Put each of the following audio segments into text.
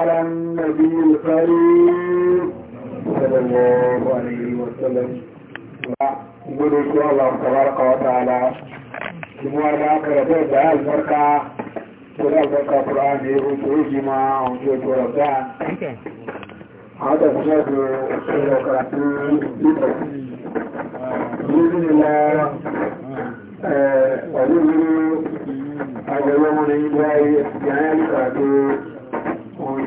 على النبي الكريم صلى الله عليه وسلم نقول إن شاء الله تبارك وتعالى جموع الآخرة تبدأ البركة تبدأ البركة القرآن يقول جماعة وجود وربان هذا بشكل بيروقراطي بإذن الله أجل أجل من الله يعني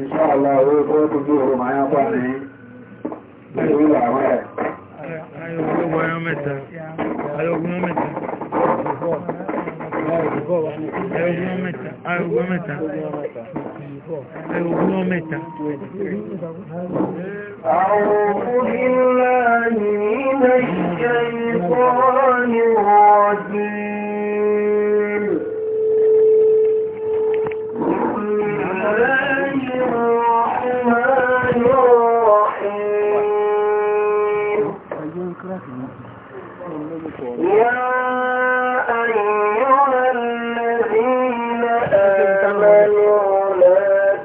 Insha Allah owó tó tó tó rò máa yápa ní ìlú àwọn ẹ̀. Ayọ̀gbọ́n ọmọ mẹ́ta. Ayọ̀gbọ́n ọmọ mẹ́ta. Ayọ̀gbọ́n mẹ́ta. Ayọ̀gbọ́n mẹ́ta. أعوذ بالله من الشيطان الرجيم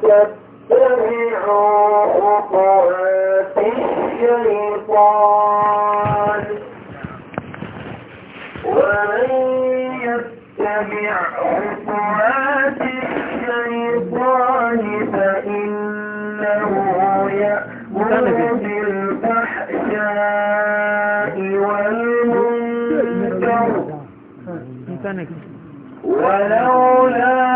تتبعوا خطوات ومن يتبع خطوات الشيطان فإنه يأمر بالفحشاء والمنكر ولولا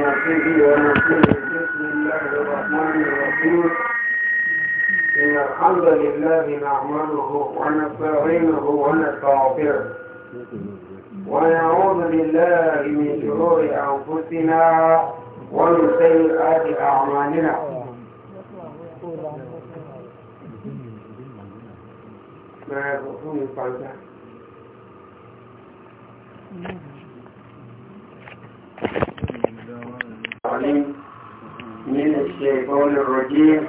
ونفسه ونفسه بسم الله الرحمن الرحيم إن الحمد لله نعمله ونستعينه ونستغفره ونعوذ بالله من شرور أنفسنا ومن سيئات أعمالنا Thank you. من الشيطان الرجيم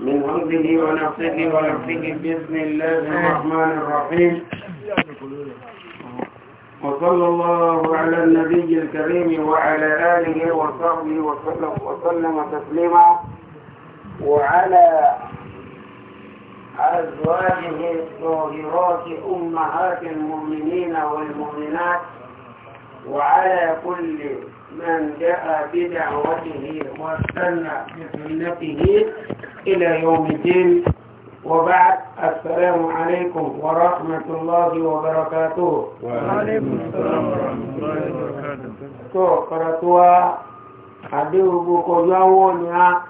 من همزه ونفسه ونفسه بسم الله الرحمن الرحيم وصلى الله على النبي الكريم وعلى آله وصحبه وسلم وسلم تسليما وعلى أزواجه الطاهرات أمهات المؤمنين والمؤمنات وعلى كل من جاء بدعوته واستنى بسنته إلى يوم الدين وبعد السلام عليكم ورحمة الله وبركاته وعليكم السلام ورحمة الله وبركاته تو قرأتوا حديث بوكو جاوونيا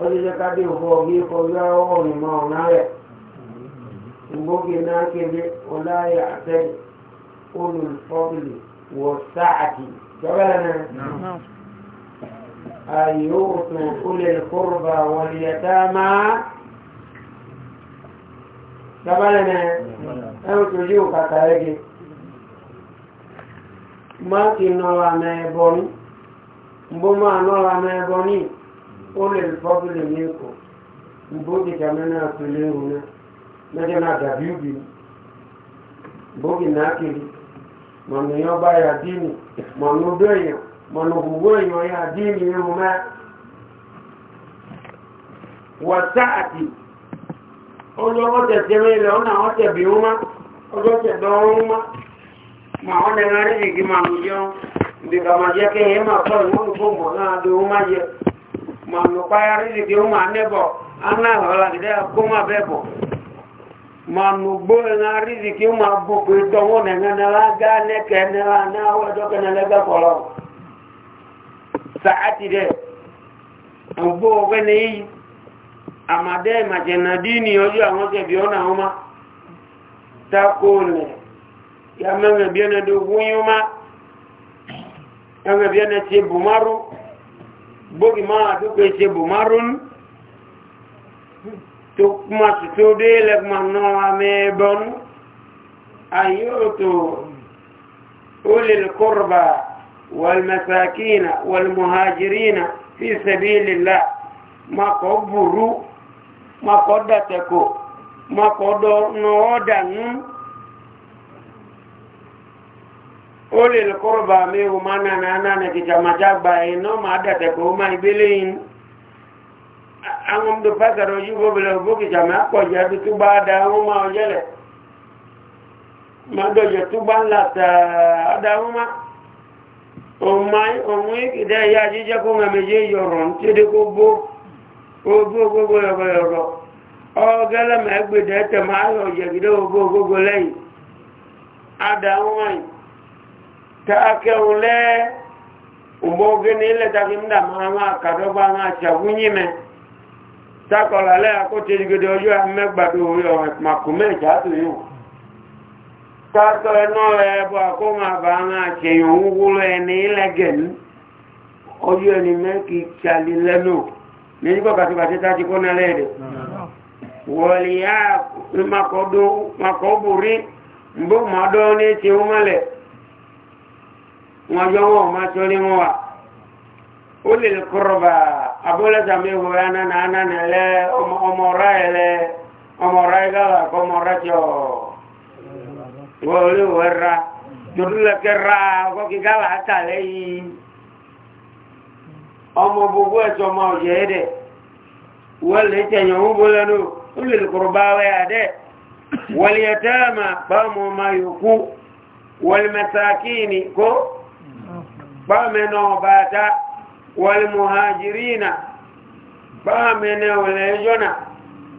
قلت لك حديث بوكو ما هنالك بوكي ناكي ولا يعتد أولو الفضل والسعة كمان أن يؤتوا أولي القربى واليتامى كمان أن تجيوا كتاكي ما كنا لنا يبوني mboma anola meboni ule lfadhili miko mbogi kamena apeleuna nakena dabiubi mbogi nakili mọ̀nà yẹn bá yà dínì mọ̀nà odó èèyàn mọ̀nà ògbògbò èèyàn yà dínì irun mẹ́ wàsáàtì olówó tẹ̀sẹ̀ mi lọ ọ̀nà àwọn tẹ̀bí wọn má ọjọ́ tẹ̀dọ̀ wọn ma mà wọn lẹ́nu arí kìkì mà ń jẹun ìdìgbà mà jẹ́ kí èèyàn mà fọ́ ìwọ́n fún mọ̀ náà ló wọn má yẹ ń lọ páyà rí kìkì wọn nẹ́bọ̀ aná ìhọ́lá kìdẹ́ manugbo na riziki ma bu pe towo na na na ga ne ke ne la na wa do ke na le ga kolo saati de ngbo we ne yi amade ma je na dini oju awon je bi ona oma ya me me na do gunyu ma na ti bumaru bogi ma do ke ti tó kuma tó dé lẹ́gbọ̀n náà àmì ẹbọnú ayóòtò أولي القربى والمساكين والمهاجرين في سبيل الله ما قبروا ما قدتكوا ما قدوا نودا أولي القربى ميو مانا نانا نكي جمجابا إنو ما دتكوا ما يبلين àwọn ọmọdé pàtàkì ojú gbogbo ògbókè jàmí ya àbí tó bá dá àwọn ya ọjẹ́lẹ̀ máa dọ̀jẹ̀ tó bá ń làtà àdáwọn má òun ìdá ìyá jíjẹ́ kó mẹ́mẹ́jẹ́ ya tí dé a kẹ́hùn lẹ́ẹ̀ ògbó gẹ́ni ilẹ̀ tàbí ń dà máa máa kàdọ́gbà máa ṣàgúnyìmẹ́ sákọ̀lá lẹ́yà kó tẹ́ ìgbèdè ọjọ́ mẹ́gbàdó orí ọ̀rọ̀ ìpàkùnmẹ́ ìjátò yóò pàtó ẹnà ẹbọ àkóhùn àbáhàn àṣẹyàn ń wúlọ ẹni lẹ́gẹ̀ẹ́nu ọjọ́ ẹni mẹ́kì tsalí lẹ́nu ní nígbà bàtìbàtì a abúlé sàmì ìwòrán náà náà náà lẹ ọmọ ọ̀rá ẹ̀ lẹ ọmọ ọ̀rá ẹ̀ gàlà kọ́ ọmọ ọ̀rá jọ wọlé wọ́n ra jòdúlẹ̀kẹ́ ra ọkọ̀ kí gàlà àtà lẹ́yìn ọmọ gbogbo ẹ̀sọ́ ọmọ ọ̀yẹ́ dẹ̀ wọ́n lè tẹ̀yàn ń bọ́ lẹ́nu ó lè kọ̀rọ̀ bá wẹ́ adẹ́ wọ́n ta والمهاجرين بامنا وليجنا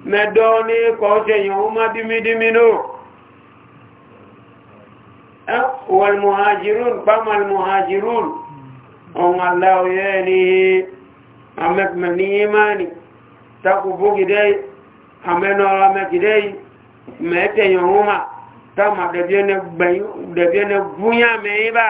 مدوني قوتي يوم دمي دمينو والمهاجرون بام المهاجرون هم الله يليه أمك من إيماني تقفوك دي أمنا أمك دي متى يوم تما دبينا بيو دبينا بويا ميبا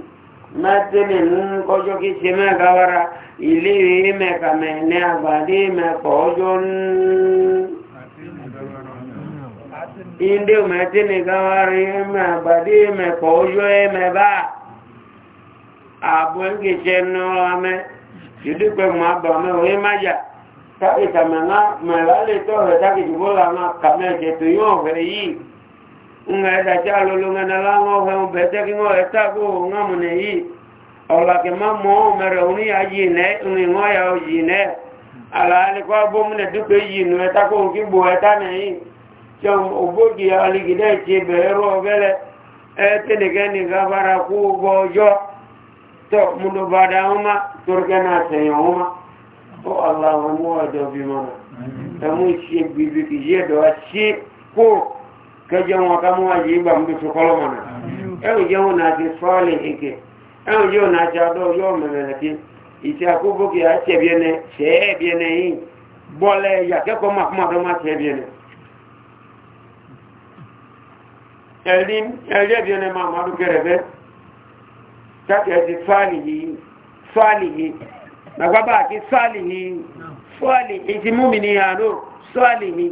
mẹ́tẹ́lẹ̀ ń kọjọ́ kí ṣe mẹ́ka wára ilé ìwé mẹ́ka mẹ́ni àgbàdé mẹ́kọ ọjọ́ ń ilé mẹ́tẹ́lẹ̀ gáwára ẹmẹ́ àgbàdé mẹ́kọ ọjọ́ ẹmẹ́ bá àbọ̀ ẹgbẹ̀ṣẹ́ náà mẹ́ ṣùdípẹ̀ mọ́ àbọ̀ mẹ́wọ́ ẹmájà tákìtàmẹ́lá lè tọ́ nga ẹ̀dà tí alụlụ lọ lóngẹ́ na láwọn ọ̀fẹ́ ọ̀bẹ̀ tẹ́ kí wọ́n ẹ̀ta kó ọ̀gámù nẹ̀ yìí ọ̀làkì má mọ́ mẹ́rẹ̀ ya yìí nẹ́ àlàálẹ́kọ́ bómìnà dúpẹ́ yìí nù ẹ̀ta kó kí gbò ẹ̀ta nẹ̀ yìí tí ògbógi alìgídẹ́ ti bẹ̀rẹ̀ rọ ọ̀gẹ́lẹ̀ ẹ̀ tẹ́nìkẹ́ ní gábára kú gbọ́ ọjọ́ tọ́ múlùbàdà ọmọ torkẹ́ náà tẹ̀yàn ọmọ ó kẹjọ wọn ká mú àyè ìgbà mú tó kọ́lọ́ mọ̀nà ẹ̀rù jẹ́ wọn àti fọ́ọ̀lì ìkẹ́ ẹ̀rù jẹ́ wọn àti àdó yóò mẹ̀rẹ̀ kí ìtì àkókòkè akwụkwọ ṣẹ̀ẹ́bíẹ̀nẹ yìí bọ́ọ̀lẹ̀ yàkẹ́kọ̀ọ́ màkúmàdọ́ má ṣẹ̀ẹ́bíẹ̀nẹ ẹ̀rí ẹ̀bíẹ̀nẹ máa má ma rẹ̀ fẹ́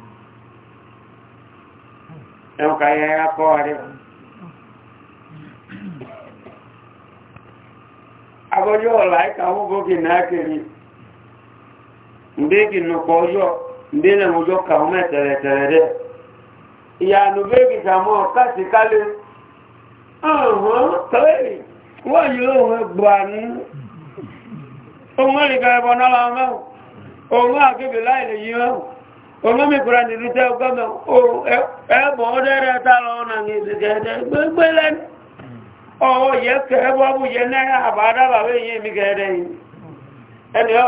ẹ̀wọ̀n ká yẹ ẹ̀yà kọ́ rẹ̀ agbọ́jọ́ ọ̀la ẹ̀ka gbogbo kì náà kiri mbéèkì nùkọ́ ọjọ́ mbéèlè mọ́jọ́ kàwọn mẹ́tẹ̀rẹ̀tẹ̀rẹ̀ dẹ̀ ìyànú béèkì sàmọ́ káàsì kálé ọ̀hún tọ́lẹ̀ wọ́n olómìnkúra nìlú tẹ́ ọgọ́mẹ̀ ẹ̀bọ̀ ọdẹ́rẹ́ tààrà ọ̀nà ìgbẹ̀gẹ̀ẹ́dẹ́ gbẹ́gbẹ́ lẹ́nu ọwọ́ yẹ kẹ́ẹ̀bọ́ bú yẹ náà àbádábàwé yẹ mi gẹ̀ẹ́dẹ́ yìí ẹni ọ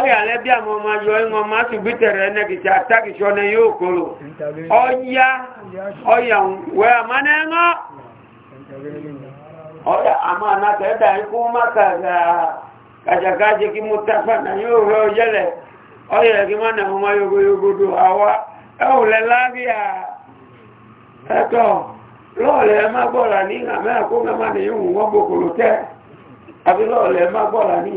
ọyà lẹ́bí àwọn ọmọ ayọ́ ìwọ̀n máa tún bí tẹ̀rẹ̀ ẹ̀nẹ́ kì tí a tàbí ṣọ́nà yóò kòrò ọyá ọyà wẹ́ àmánà ẹ̀nà ọyà àmánà tẹ́ẹ̀dà ikú mákàtà kàjàkájẹ́ kí mú tàfà nà yóò rẹ ọjẹ́lẹ̀ ọyà kí mọ́nà ọmọ yogoyogodo àwá ẹ̀ Àbí lọ́ọ̀lẹ̀ ẹ má gbọ́ra ní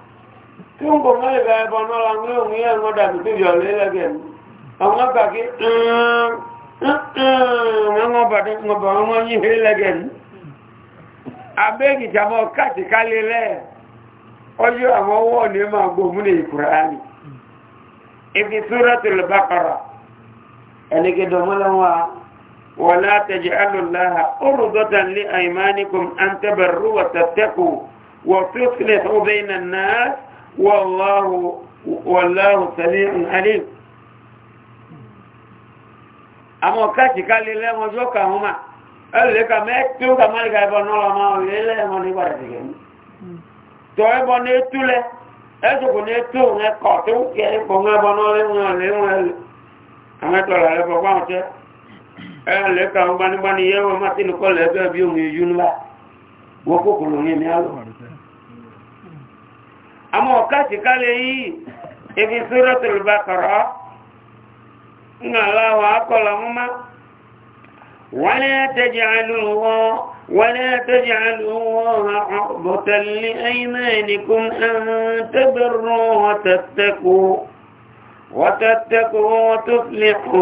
tí ń bò mẹ́lẹ̀ bẹ̀rẹ̀ bọ̀ náà la ń lé òun yẹn wọ́n dàbí tó yọ̀ lélẹ́gẹ̀ mi àwọn ọgbà kí wọ́n bá dé wọ́n bá wọ́n yí lélẹ́gẹ̀ mi abẹ́gì jàmọ́ káàtì kálé lẹ́ ọjọ́ àwọn ọwọ́ ní máa gbòmù ní ìkùránì ibi súrẹ́ tó lè bá kọ̀rọ̀ ẹnìkẹ́ dọ̀mọ́lọ́wọ́ wọ́n látẹ̀jẹ̀ alùláhà wọ́n tó sílẹ̀ tó bẹ́ẹ̀ والله والله سميع عليم اما كاتي قال لي لما جوكا هما قال لك ما تو كما لك ابو نولا ما ليله ما ني بارتك تو ابو ني توله eso ko ne to ne ko to ke ko nga bono le nga le nga ama to la le papa o te e le ka o bani bani ye o ma tin ko le be bi o ngi yunla wo ko ko ngi mi alo àmọ́ ọ̀kàtí kálẹ̀ yìí ebi suratul Baqara ń aláwọ̀ akọ̀lọ̀ mọ́má wala taj'aluhu wala taj'aluhu uqdatan li aymanikum an tabarru wa tattaqu wa tattaqu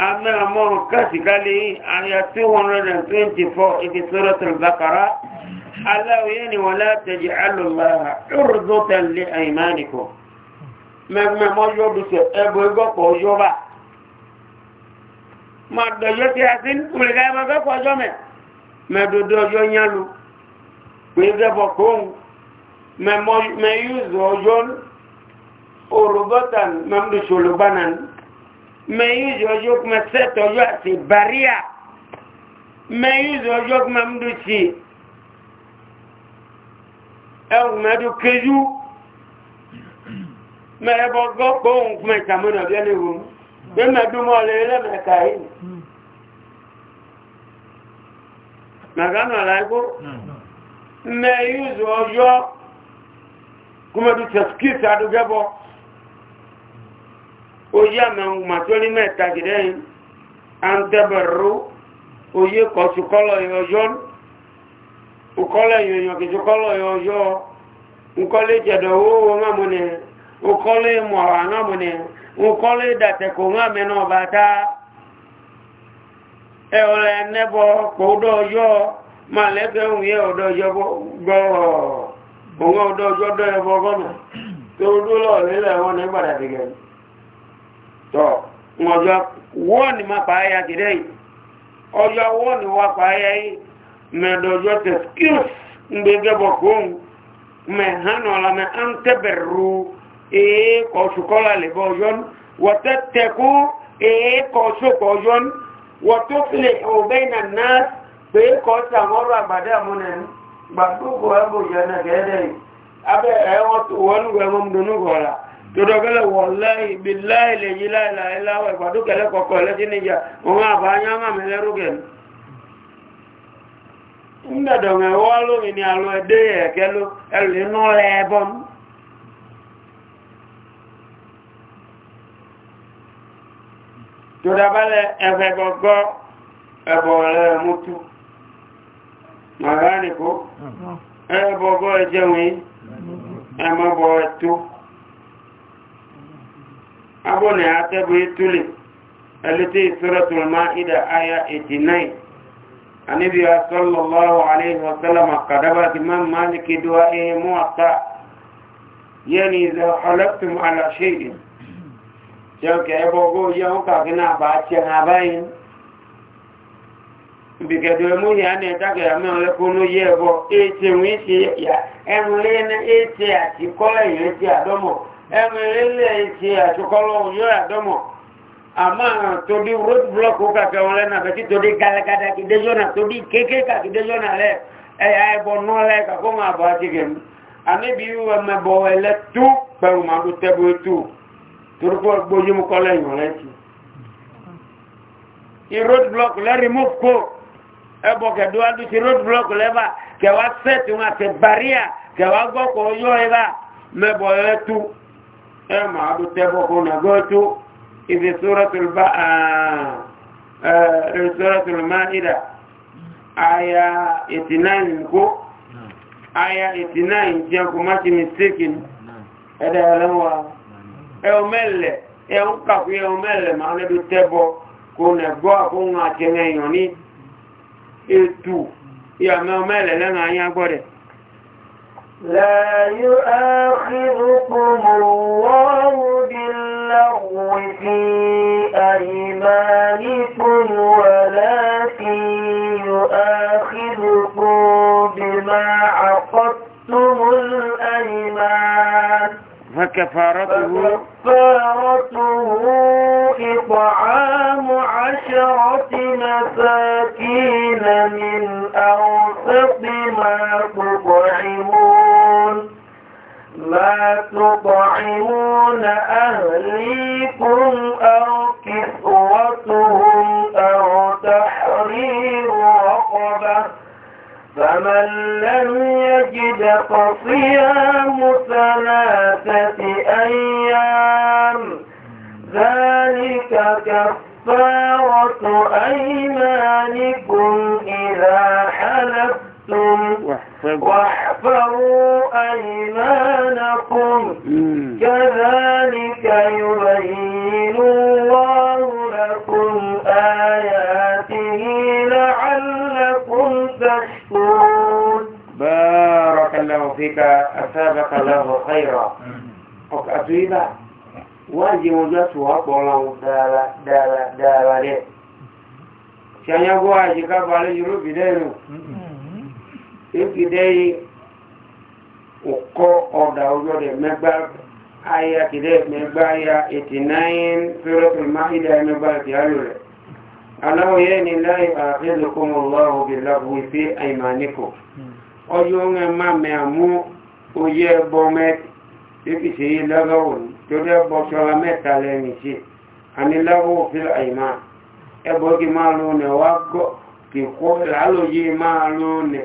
أما أمر كاتب لي آية 224 في سورة البقرة الله يعني ولا تجعل الله عرضة لأيمانكم مما موجود أبو يقف وجوبا ما دوجو سياسين ولغاية ما قف وجوما ما دوجو ينالو ويقف وكون ما يوز وجون عرضة ممدو شلبانا mẹ́yìn ìjọjọ́ kuma sẹ́tọ̀jọ́ àti bàríà mẹ́yìn ìjọjọ́ kuma mdú sí ẹwù mẹ́dú kéjú mẹ́ẹ̀bọ̀ gọ́pọ̀ ohun kuma ìtàmúnà bí ẹni wò bí mẹ́dú mọ́ lè lẹ́mẹ̀ẹ́ka yìí màgánù àlágbó mẹ́yìn ìjọjọ́ kuma dú tẹ̀síkì sàdúgẹ́bọ̀ oyé àmẹ́hùn màtíọ́lì mẹ́ta gìdẹ́yìn àǹtẹ́bẹ̀rú oyé kọ̀ọ̀tù kọ́lọ̀ ìyọjọ́ ukọ́lọ̀ ìyọ̀yàn kìtù kọ́lọ̀ ìyọjọ́ ukọ́lẹ̀ jẹ̀dọ̀ owó mọ́mọ́nẹ̀ ukọ́lẹ̀ mọ̀ọ̀rọ̀ mọ́mọ́nẹ̀ ukọ́lẹ̀ dàtẹ̀kọ̀ mọ́mọ́nẹ̀ ọba tá ẹ̀ọ̀rẹ̀ ẹ̀nẹ́bọ̀ pọ̀ ọdọ̀ ọjọ́ máa lẹ́gbẹ̀ẹ́ òun yẹ ọdọ̀ ọjọ́ gbọ́ọ̀ tọ́ ọjọ́ wọ́ọ̀nì má wá pàáyà yìí mẹ́ẹ̀dọ̀jọ́ tẹ̀ skills ń gbé gẹ́bọ̀ me ọ̀la mẹ́ à tẹ́bẹ̀rù èé ṣùkọ́lá lẹ́bọ̀ ọjọ́ wọ́tẹ́ tẹ̀kú èé kọ̀ ọjọ́ wọ́tó filẹ̀ ọ̀bẹ́ iná náà todogele wallahi billahi leji la ilaha illa huwa ibadu kele koko le tinija uma banya ma mele rugen nda donge walo ni alo ede kelo el no lebon todabale efe gogo ebole mutu magani ko ebogo ejewi abu ne a tabi ìtúlẹ̀ ẹlẹ́tẹ́ ìsọ́rọ̀tún máa ìdá aya 89 anibi asọ́lọ́lọ́wọ́ aléhùsọ́lọ́mà kàdábà ti máa máa ní kí duwa ihe mú àtà yẹni ìzẹ̀ ya aláṣẹ́dì jẹun kẹ́ẹ̀bọ́ gina ba a náà bá ṣe hàn báyìí bìkẹ̀dọ̀ ẹmú yà ní ẹ̀dàgẹ̀ àmì ọlẹ́kùnú yẹ ẹ̀bọ̀ 8 wíṣẹ́ ẹ̀rùn lé ní 8 kola kọ́lẹ̀ ya e e e domo ẹ̀mẹ̀rẹ̀ lè ṣe àṣùkọ́lọ́ yóò àdọ́mọ̀ àmọ́ tòdí road block kàkẹ́ wọn lẹ́nà àbẹ̀tí tòdí galagada kìdéjọ́nà tòdí kéèké kàkìdéjọ́nà lẹ ẹ̀yà ẹ̀bọ̀ náà lẹ kàkó máa bọ̀ àti gẹ̀mú àmẹ́bí ẹ̀mẹ̀bọ̀ ẹ̀lẹ́ tú pẹ̀lú màdó tẹ́bù tú torúkọ gbójú mú kọ́ lẹ́yìn rẹ̀ sí. i road block lẹ́ remove kó ẹ̀bọ̀ kẹ̀dúwájú ti road block lẹ́bà kẹwàá sẹ́ẹ̀tì wọn àti barrier kẹwàá gbọ́kọ̀ yọ ẹ̀bà mẹ́bọ̀ ẹ̀lẹ́ tu ẹmà àdó tẹ́bọ̀kún nà gọ́ọ̀tú ibi sóràtùl ma'ida aya 89 kó aya 89 jẹ́ kò má ti mistaken ẹ̀dà ẹ̀lẹ́wà ẹ̀ọmẹ́lẹ̀ ẹ̀hún kàkú ẹ̀ọmẹ́lẹ̀ ma lẹ́dó tẹ́bọ̀ kò nà gọ́ àkóhun àtẹ̀ẹ̀yàn ní ètù ìyàmẹ́ ọmẹ́lẹ̀ lẹ́nà ayá gbọ́dẹ̀ لا يؤاخذكم الله باللغو في أيمانكم ولكن يؤاخذكم بما عقدتم الأيمان فكفارته فكفارته إطعام يطعمون أهليكم أو كسوتهم أو تحرير رقبة فمن لم يجد فصيام ثلاثة أيام ذلك كفارة أيمانكم إذا حلفتم واحفظوا أَيْمَانَكُمْ كَذَلِكَ يبين الله لكم آياته لعلكم تشكرون بارك الله فيك أثابك الله خيرا أتويبا واجب جسوة قولا دالا دالا دالا دي شان يقوى أجيكا بالجروب دينو ekidei ukọ ọ̀dà ọjọ́ rẹ̀ mẹ́gbà ayé akidẹ́ mẹ́gbà ya 89 fẹ́rẹ́tùl máhídà mẹ́gbà ti ayò rẹ̀ aláwòye ni láì àfẹ́lùkọmọ̀lọ́wọ́ bí lábúwí sí àìmáníkò ọjọ́ ń má mẹ́ àmú oyé ẹbọ mẹ́kìsí lọ́gọ́wò tó dẹ́bọ ṣọ́ra mẹ́ta lẹ́yìn sí àníláwò fi àìmá ẹbọ kí máa lónẹ̀ wá kí kó lálòyé máa lónẹ̀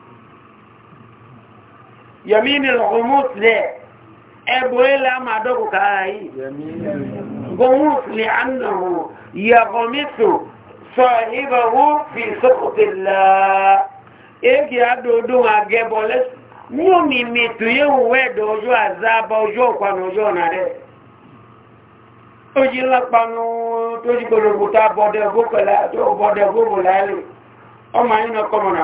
yẹmí ni lọ́gọ́mùs lẹ̀ ẹ̀bọ̀ ilẹ̀ àmàdọ́kù káàáyì gọ́mùs lẹ̀ ànàwò yẹ̀gọ́mísù sọ ìbẹ̀wò fi sọ́kùtìlá èkì àdòdó àgẹ́bọ̀ lẹ́sù ní omi mìtù yóò wẹ́ẹ̀dọ̀ ọjọ́ àzába ọjọ́ ọ̀pànà ọjọ́ ọ̀nà rẹ̀ ó yí lápanu tó yí gbogbo tá bọ́dẹ̀ gómìnà láàrin ọmọ yínà kọmọ̀nà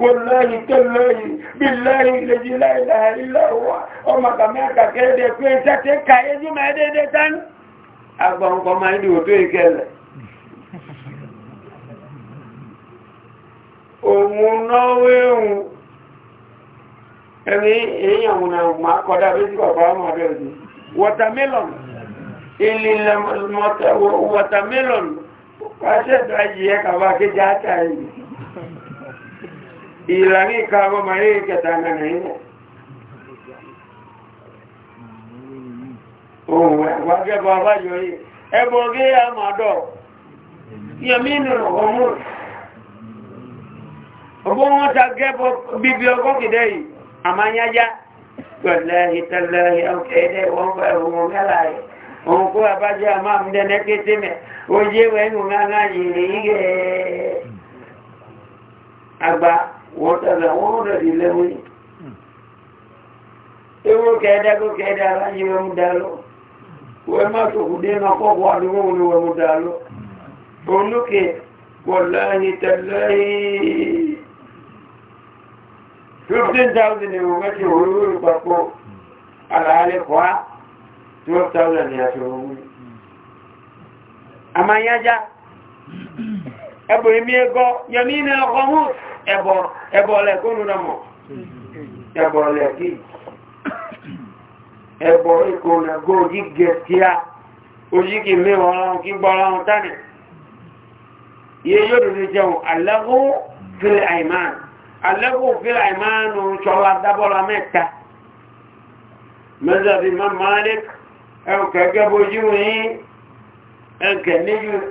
والله تالله بالله الذي لا إله إلا هو وما كمعك كده كوين تتكا يجي ما يدي تان أبهم كما يدي وتوي كلا òmùnáwéhùn ẹni èyàn òmùnà ma kọ́dá bí sí bàbá ọmọdé òjì watermelon ilẹ̀ watermelon pàṣẹ́ ìdájì ẹ kàwà kéjà átà ẹ̀yìn ìlàrí ìkàrọ màá yìí kẹta nàrà ilẹ̀ ohun ẹ̀wàgẹ́bọ̀ abájọ yìí ẹbọ̀ ya àmàdọ̀ yẹmí nìrọ̀ ọmọ ọgbọ́ wọn ta gẹ́bọ̀ bíbí ọgọ́ àmáyájá pẹ̀lẹ̀ ìtẹ̀lẹ̀ water already level. Ewo kẹ́ẹ̀dá kó kẹ́ẹ̀dá aláyé wẹ mú dáló. Wẹ má tòkù dé máa kọ́kọ́ àdúgbò ní wẹ mú dáló. Olúkè wọ́n ni yẹmí ní ọkọ̀ ẹbọ ẹbọ lẹ kó nu dàmọ ẹbọ lẹ kí ẹbọ ikọ lẹ gó ojí gẹtíà ojí kì mí ọlọrun kí gbọ ọlọrun tánì iye yóò dúdú jẹun alẹ́kù fílẹ̀ àìmáà alẹ́kù fílẹ̀ àìmáà nù sọlá dábọ́lá mẹ́ta mẹ́ta má malik ẹnkẹ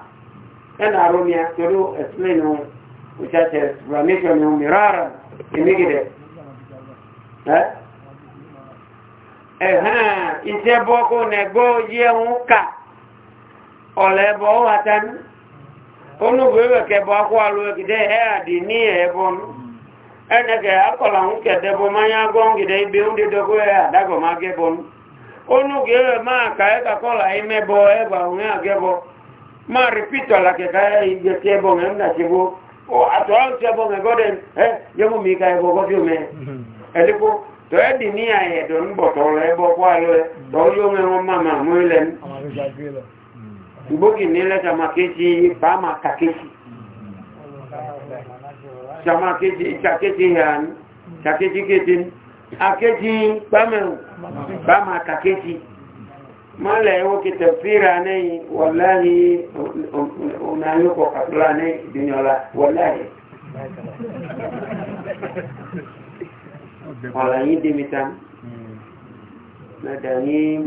أنا أرومي أتلو أسمينه وشات أسبراميشن مرارا إميجد ها ẹ̀hán iṣẹ́ bọ́kú nẹ̀gbọ́ yẹ ń kà ọ̀lẹ́bọ̀ wátán onúgbẹ̀wẹ̀kẹ́ bọ́ akọ́ alúwẹ̀kìdẹ́ ẹ̀ àdì ní ẹ̀ẹ́bọ́n ẹnẹ̀kẹ́ akọ̀là ń kẹ̀dẹ́bọ́ máyá ma ma ripito la ke kaya inje tebo nge mna chibu o ato au tebo nge goden eh yemu mika ebo kofi ume eliku to edi niya ye don boto le ebo kwa lo to yo nge mama mwile mbuki nile chama kichi pama kakichi chama kichi chakichi yan chakichi kitin akechi pame pama kakichi ma la yawo ki tafsira ne wallahi una yo ko kabla ne dunyola wallahi wala yi dimitan hmm. na dani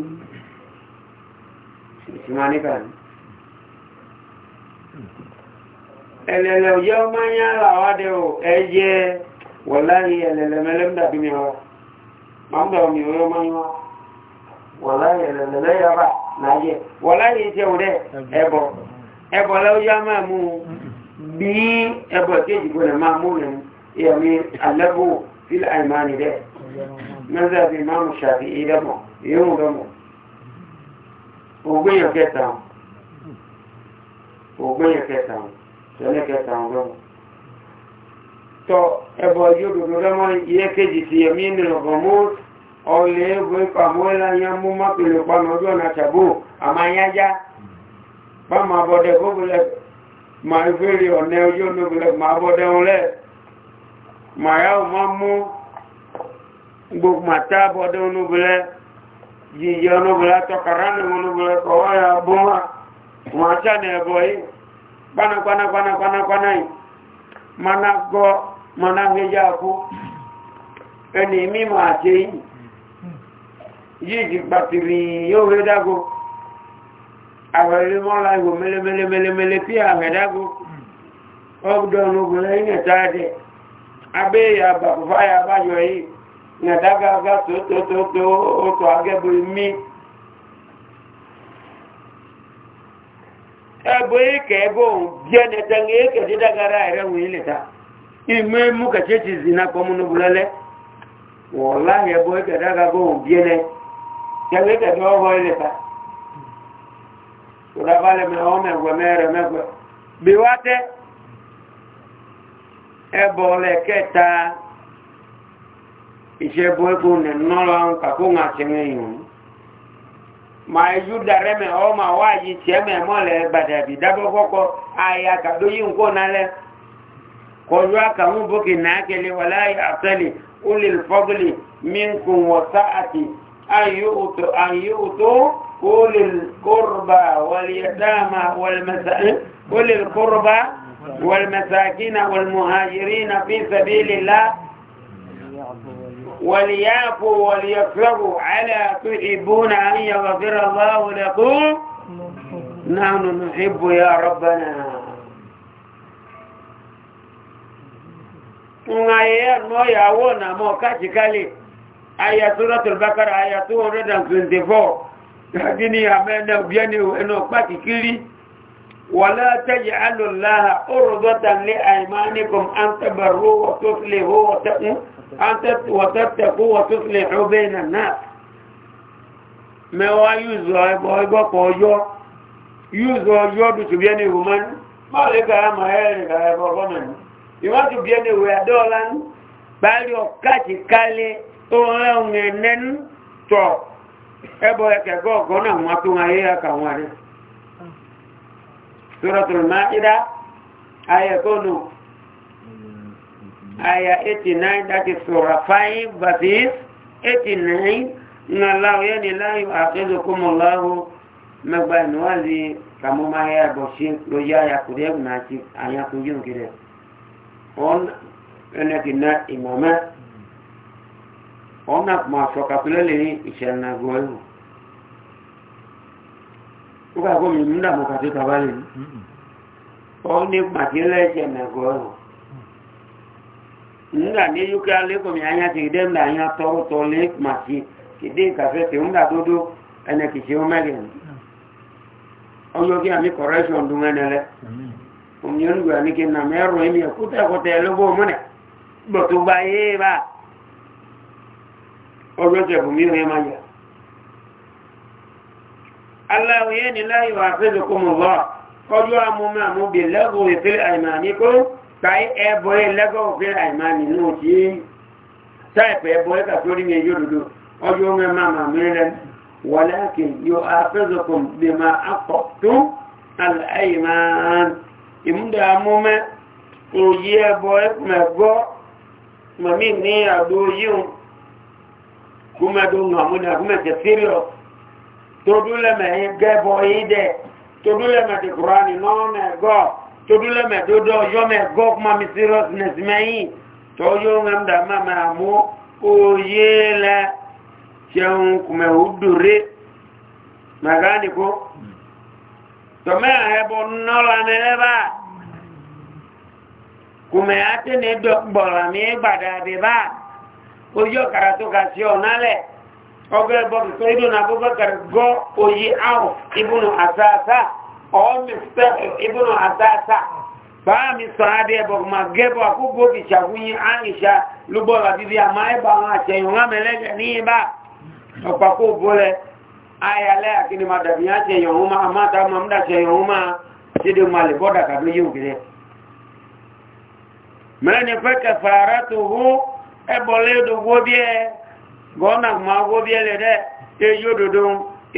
simani kan elele yo ma ya la wa de o eye wallahi elele melem da bi mi ho ma ndo mi yo ma yo wọ̀láyẹ̀ lẹ́lẹ́yẹ̀ bá láyẹ̀ wọ̀láyẹ̀ jẹ́ òrẹ́ ẹbọ ẹbọ lọ́yá máa mú bí ẹbọ kéjì kò lè máa mú rẹ̀ ìyàmí alẹ́bù fílẹ̀ àìmáni rẹ̀ mẹ́sàbí máa mú ṣàfi ìrẹ́mọ̀ ìrún rẹ̀mọ̀ ògbéyàn kẹta ògbéyàn kẹta tẹ́lẹ̀ kẹta rẹ̀mọ̀ tọ ẹbọ yóò dòdò rẹ̀mọ̀ iye kéjì ti yẹmí nìlọ̀gbọ̀n mọ́ọ̀sì ọlẹ́ ẹgbẹ́ ìpàmọ́lá ya mú má pèlè pàmọ́ ọjọ́ na tàbó àmáyájá bá ma bọ́dẹ̀ gbogbolẹ̀ ma fèrè ọ̀nà ọjọ́ ọ̀nà ma bọ́dẹ̀ ọ̀lẹ́ ma yá o má mú gbogbo ma bọ́dẹ̀ yíyẹ ya bọ́ ma ma sá ní ẹ̀bọ̀ yìí kpanakwanakwanakwanakwanayi jíjì pàtìrì yóò rí dágó àwẹ̀rí mọ́lá ìwò mẹ́lẹ́mẹ́lẹ́mẹ́lẹ́ tí àwẹ̀ dágó ọgbọ̀n obìnrin nẹ̀tàdẹ̀ abẹ́ ìyàbà fúfá yàbáyọ̀ yìí nẹ̀dágagá tótótótó ótò agẹ́bù mí ẹbọ ìkẹ́gbọ̀ jẹ́ nẹ̀tẹ̀ngẹ́ ìkẹ́dídágára ẹ̀rẹ́ wọ̀nyí lẹ́ta ìmọ̀ ẹmú kẹ̀kẹ́ ti zina kọ́múnubulẹ́lẹ́ wọ̀ọ́lá ẹbọ ìkẹ́dágagá òun bíẹ́nẹ́ tẹ̀lé tẹ̀lé ọwọ́ ilẹ̀ ta tọ́lá bá lẹ́mẹ̀ ọwọ́ mẹ́gbẹ̀ mẹ́rẹ̀ mẹ́gbẹ̀ bí wá tẹ́ ẹbọ̀ lẹ̀ kẹta ìṣẹ́bọ̀ ẹkù nẹ̀nọ́lọ́ kàkó ń àṣẹmẹ́ ìhùn màá yú darẹ́ mẹ́ ọwọ́ màá wá yìí gbàdàbí àyà kàdó yìí kọjú bókè ó lè mí أن يؤتوا أولي القربى واليتامى والمساكين أولي القربى والمساكين والمهاجرين في سبيل الله وليعفوا وليكفروا على تحبون أن يغفر الله لكم نحن نحب يا ربنا Nwa ihe nọ yawo na mọ kachikali aya suratul bakara aya 224 lakini amenda ubiani eno paki kili wala taj'alu allaha urdatan li aymanikum an tabarru wa tuflihu wa taqu an wa tattaqu wa tuflihu bayna an-nas me wa yuzo bo ibo ko yo yuzo yo du tubiani woman malika ama hele ga bo woman you want to be ohun ẹ̀nẹ́nu tọ̀ ẹbọ ẹkẹ̀gọ́ ọ̀gọ́nà wọn tó wọn ayé àkàwọn rẹ̀ sọ́rọ̀tọ̀ máa ayẹ̀kọ́nù aya 89 that is 5 verses 89 na láwọ́ yẹ́ ni láyọ̀ àṣẹ́lẹ̀kọ́mọ̀láwọ́ mẹ́gbà ló yá àti náà ìmọ̀mẹ́ ọ̀nà kùmà sọ̀kàpẹ́lẹ́ ni ní ìṣẹ̀lẹ̀ àgọ́ ẹ̀hùn ó kà gbọ́ mi ń dàmọ́ kàtó tàbá lè ní ọ ní màtílẹ̀ ìṣẹ̀lẹ̀ àgọ́ ẹ̀hùn nígbà ní yúkẹ́ alẹ́kọ̀ọ́ mi àyà ti dẹ́m dà àyà tọ́rọ̀ tọ́ lé màtí kìdé ìkàfẹ́ tẹ̀ ń dà dódó ẹnẹ kìí ṣe mẹ́rin ọjọ́ kí àmì correction dùn ẹnẹ lẹ òmìnira ní kí n nà mẹ́rùn-ún ẹ̀mí ẹ̀kútẹ́kútẹ́ lọ́gbọ́n mọ́nẹ̀ gbọ̀tùgbà yéé báà ọlọ́jẹ̀bù mìíràn máa yà aláwòye ni láyé wà fẹ́lẹ̀ kó mọ̀ lọ́wọ́ kọjú àmúmọ́ àmúbi lẹ́gùn ìfẹ́lẹ̀ àìmáni kó káyé ẹbọ yẹ lẹ́gùn ìfẹ́lẹ̀ àìmáni náà tí táìpẹ̀ ẹbọ yẹ kà sórí mi yóò dodo ọjọ́ mẹ́ máa máa mi rẹ wàláàkì mọ̀mí ní àdó yíò gúmẹ́dún nàmúnà gúmẹ́sẹ̀ síríọ̀ todúlẹ̀mẹ̀ gẹ́bọ̀ ìdẹ̀ todúlẹ̀mẹ̀ dìkùránì nọ́ọ̀mẹ̀ gọ́ todúlẹ̀mẹ̀ dódó yọ́mẹ̀ gọ́ mami seriousness mẹ́yìn tọ́jọ́ ńlẹ́mdà mẹ́mẹ́ àmú òye lẹ ṣẹun kùmẹ̀ òdòrè mẹ̀gáníkó tọ́mẹ́ àhẹ́bọ̀ nọ́lá ní ẹbá kùmẹ̀ àtẹ́nẹ́dọ̀ gbọ̀làmí gbàdàbí báà oyi ọ̀kàrà tó ga sí ọ̀ nálẹ̀ ọgbẹ́ bọ́bí pé ìdùnnà abúgbàkà gọ́ oyi áwọ̀ ìbùnù àsáàsá ọ̀ọ́mìsẹ́ ìbùnù àsáàsá báà mi sọ adé bọ̀bí ma gẹ́bọ̀ àkókò ìṣàfúnyín àìṣà lúbọ̀lá bíbí àmà ẹ̀bà àwọn àṣẹyìn wọn mẹ́lẹ́gẹ̀ ní ibà ọ̀pàkó bọ́lẹ̀ ayalẹ́ àkíní ma dàbí àṣẹyìn ọ̀hún máa má ta ma ń dàṣẹyìn ọ̀hún máa ṣe dé ma lè bọ́dà kàdó yóò gẹ́rẹ́ mẹ́rin fẹ́ kẹfà tó hó ẹbọ̀lẹ́ òdògbò bí ẹ gọ́nà ma gbó e yododo rẹ̀ èyí òdòdó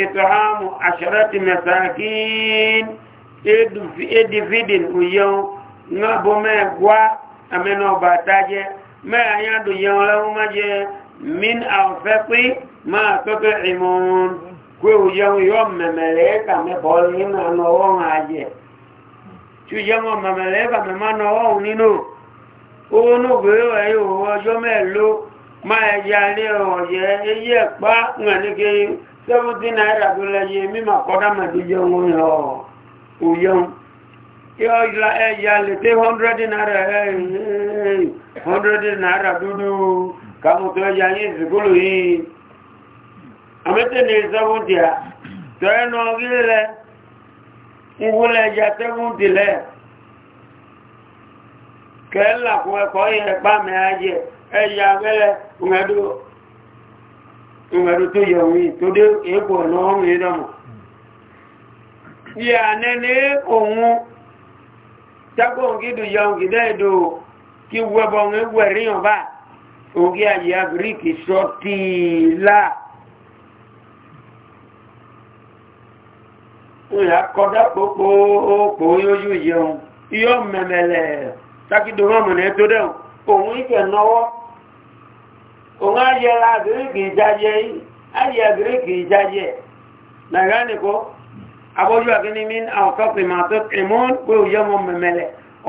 ìtọ̀hámù àṣẹ́rẹ́tì mẹ́sàkín èdìfídìn òyẹun náà gwa mẹ́gbá àmẹ́nà ọba anya mẹ́àyàndò yan lẹ́wọ́n má maje min àwọ̀fẹ́ pé máa tọ́tọ́ ìmọ̀ràn kó òyẹun yọ mẹ̀mẹ̀lẹ́ kà owó nógbè wà yí òwò ọjọ́ mẹ́lò máa ẹja lé ọ̀yẹ́ eyí ẹ̀pá ńàníkẹ́ sẹ́fúntì náírà tó lẹ́yẹ mímà kọ́dá màdíjẹ́ ohun òyẹun ìyọ́jọ́ ẹja lè tẹ́ 100 náírà ẹ̀yìn 100 náírà dúdú kàmùtọ́ ẹja yìí ìsìnkúlù yìí àmẹ́tẹ̀lẹ̀ sẹ́fúntì tọ́ ẹnu ọgílẹ̀ ìwúlẹ̀ ẹja sẹ́fúntì kẹ́lá kún ẹkọ́ yẹ pa mẹ́ajẹ ẹ̀yà abẹ́lẹ̀ ìwẹ̀dù tó yẹ òun tó dé èkó ọ̀nà ọ̀rùn ìdánmọ̀ yẹ ànẹ́lẹ́ òun tágbóǹkìdù yọǹkìdẹ́ ìdò kí wẹ́bọ̀ ń wẹ̀ríyàn bá ògí àyè agríkì sọ tìlá ìyàkọ́dá pópó òpó yóò yóò yẹun yóò mẹ́mẹ́lẹ̀ tákìdò hàn mọ̀nà tó dẹ̀ òun ìkẹ̀ náwọ́ òun ayẹra gíríkì ìjájẹ yìí ayẹ gíríkì ìjájẹ nàìjíríà nìkọ́ abọ́jú akíní mi àwọn kọ́pì máa tó ìmú pé òye ọmọ mẹ́mẹ́lẹ̀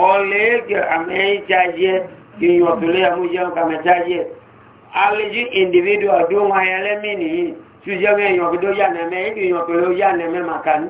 ọ̀lẹ́ kẹ àmì ìjájẹ kì í ọ̀tọ̀lẹ́ àmú ìjẹun kàmì ìjájẹ allergy individual dó wọn ayẹlẹ́mì nìyí tí ìjẹun ẹ̀yàn kí tó yà nẹ́mẹ́ ìgbìyànjú ló yà nẹ́mẹ́ màkà ní.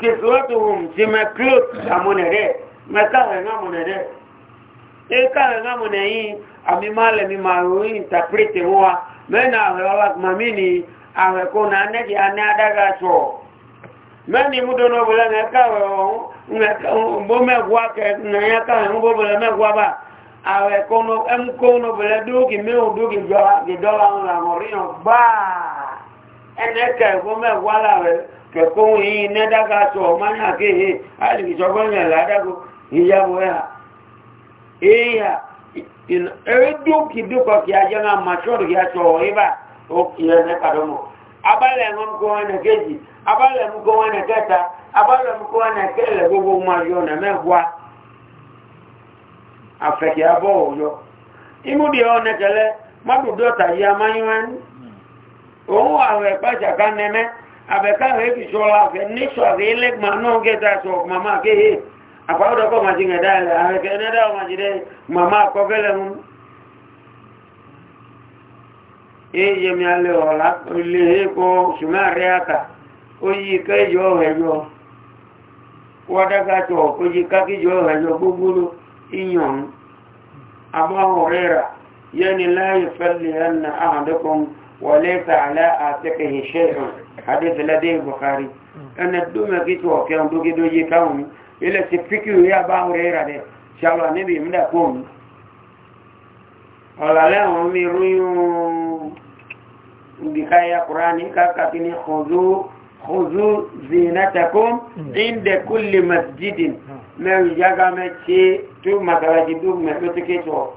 kìsùwọ́tòhùn ti mẹ klót àmúnẹ̀rẹ́ mẹ́kàrẹ̀ náà múnẹ̀rẹ́ ẹkàrẹ̀ náà múnẹ̀ yìí àmì máa lẹ̀mí máa ròyìn ìtàpírìtì mú wa mẹ́nà àwẹ̀ ọlá màmí ni àwẹ̀ kò náà nẹ́jì aná adága sọ mẹ́ni mú dọ́nà òbúlẹ̀ mẹ́kàrẹ̀ ọ̀hún bó mẹ́wàá kẹ́ nàyà kàrẹ̀ ń bó bọ̀lẹ̀ mẹ́wàá bá àwẹ̀ kó ẹmú kó nobìlẹ̀ dúkì mẹ́wàá dúkì dọ́là ń làmọ̀ríyàn gbáà ẹnẹ́kẹ̀ bó mẹ́wàá làwẹ̀ kẹ̀kọ́ yìí nẹ́dàgà sọ ọmọdé àkéhe alìsọ́gbọ́nyà ládágò ìyàwó ẹ̀hà èyà ẹ̀rẹ́dùkìdùkọ̀ kí a jẹ́ máa màṣọ́rù kí a sọ ọ̀rẹ́bà ìrẹ̀lẹ́ kàdọ́mọ̀ abálẹ̀ mú kó wọn nẹ̀kẹ́jì abálẹ̀ wọn nẹ̀kẹ́ta abálẹ̀ wọn nẹ̀kẹ́lẹ̀ gbogbo ọ̀nà abẹ́káwé fi sọ́ra fẹ́ ní sọ̀rọ̀ ẹlẹ́gbọ̀n náà gẹ́ta sọ màmá kéye àpáwọ́dọ̀ kọ́ máa ti gẹ̀dá rẹ̀ àwẹ̀kẹ́ ẹ̀nẹ́dá ọmọ ti dẹ́ màmá akọ́fẹ́lẹ̀ mú ẹ̀yẹ mi alẹ́ ọ̀la ilé ẹ̀kọ́ ṣùgbọ́n rẹ̀ àkà ó yí kẹ́jọ ọ̀hẹ́jọ wọ́dákàtọ̀ ó yí kákíjọ ọ̀hẹ́jọ gbogbo ìyàn àbáwọ̀ rẹ̀ rà yẹ́ni láyé fẹ́lẹ̀ ẹ̀nà àhàndẹ́kọ̀ wọlé tààlà àtẹ́kẹ̀ ìṣẹ́ ìrìn hadith ladai bukhari ana duma kitu wa kan doge doje kauni ile sifiki ya ba urera de shala nabi mda komi ala leo mi ruyu ndikaya qurani kaka kini khuzu khuzu zinatakum inda kuli masjidin na yaga me chi tu makalaji dum me to kecho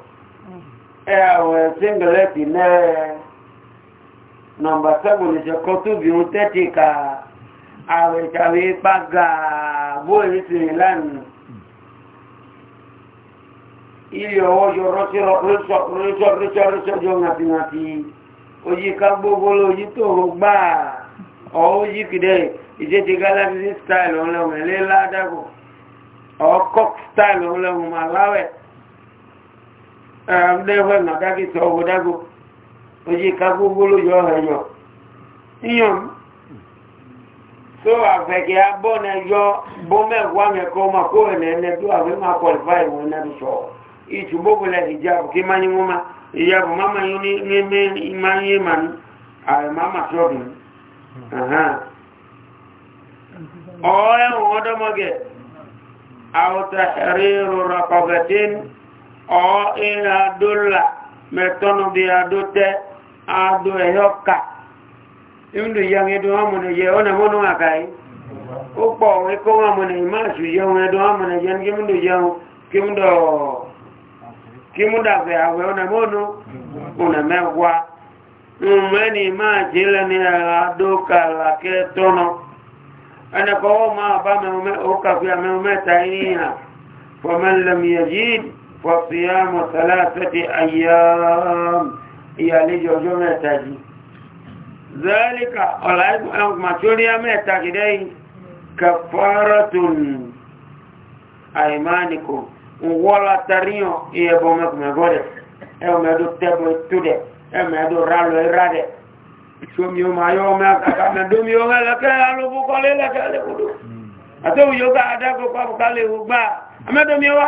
eh single let ne nọmba sẹ́gun ìṣẹ̀kọ́ tóbi ń tẹ́tì ka àwẹ̀ ìtàwé pàgà bóyí sí lánàá ilé ọwọ́ yọ rọ́ṣọ́rọ́ṣọ́ jọ ńàtìmàtì oyí ká gbogbo lóyí tó hó gbà ọ̀hó yí kìdẹ́ ìṣètì galaxy style ọlọ́run ẹ̀lẹ́ ládàbọ̀ ọ̀ cock style ọlọ́run màláwẹ̀ ẹ̀ẹ́dẹ́gbẹ̀ẹ́ nàdákìtọ̀ ọ̀gbọ̀dágbọ̀ oye ka gbogbo ló yọ ẹyọ iyàn tó àfẹ̀kẹ́ abọ́nà yọ bọ́mẹ̀wá mẹ́kọ́ ma kó ẹ̀nà ẹ̀nà tó àfẹ́ máa kọlifáì wọn náà sọ ìtùbọ́gbọ̀lẹ̀ ìjáàbù kí máa ń wọ́n ma ìjáàbù máa máa ń ní máa ń yé ma ní àìmá máa sọ́ọ̀dù ọ̀ ẹ̀hùn ọdọ́mọgẹ̀ àwọ̀tà rí rọra pàgẹ́tìn ọ̀ ìrìn àdó là mẹ́tọ́nù bí àdó tẹ́ ado ẹ̀yọ́ka ìrìnlò yẹn ẹ̀dùn ọmọdé yẹ ọ́nà mọ́nà àkàí ó pọ̀ ẹkọ́ ọmọdé ìmáàṣù yẹun ẹ̀dùn ọmọdé yẹn kí múndò yẹun kí múndàfẹ́ àwẹ̀ ọ̀nà mọ́nà ọ̀nà mẹ́wàá mẹ́ni ìmáàṣì lẹ́ni àdókàlà kẹ́tọ́nà ẹnìkọ́wọ́ máa bá ọkàfíà mẹ́ta ìhà fọ́mẹ́lẹ́mìyàjì fọ́síyàmù ثلاثة أيام ìyàlejò ọjọ́ mẹ́ta jí zẹ́líkà ọ̀làmàtíóríà mẹ́ta gidẹ́ kẹfàárọ̀tún àìmánikò wọ́la tàríyàn ìyẹ̀bọ mẹ́kùnmẹ́gọ́dẹ̀ ẹ̀mẹ́dọ́ tẹ́bọ̀ tó dẹ̀ ẹ̀mẹ́dọ́ rálọ ẹ̀rá dẹ̀ sómi ọmọ ayọ́ ọmọ akàmẹ́dómi ọmọ ẹlẹ́kẹ́ alóbúkọ́lé lẹ́kẹ́lẹ́ kodò àtọ́wù yóò bá adágbó pàbùkálẹ̀ ògbà amẹ́dómi ọwá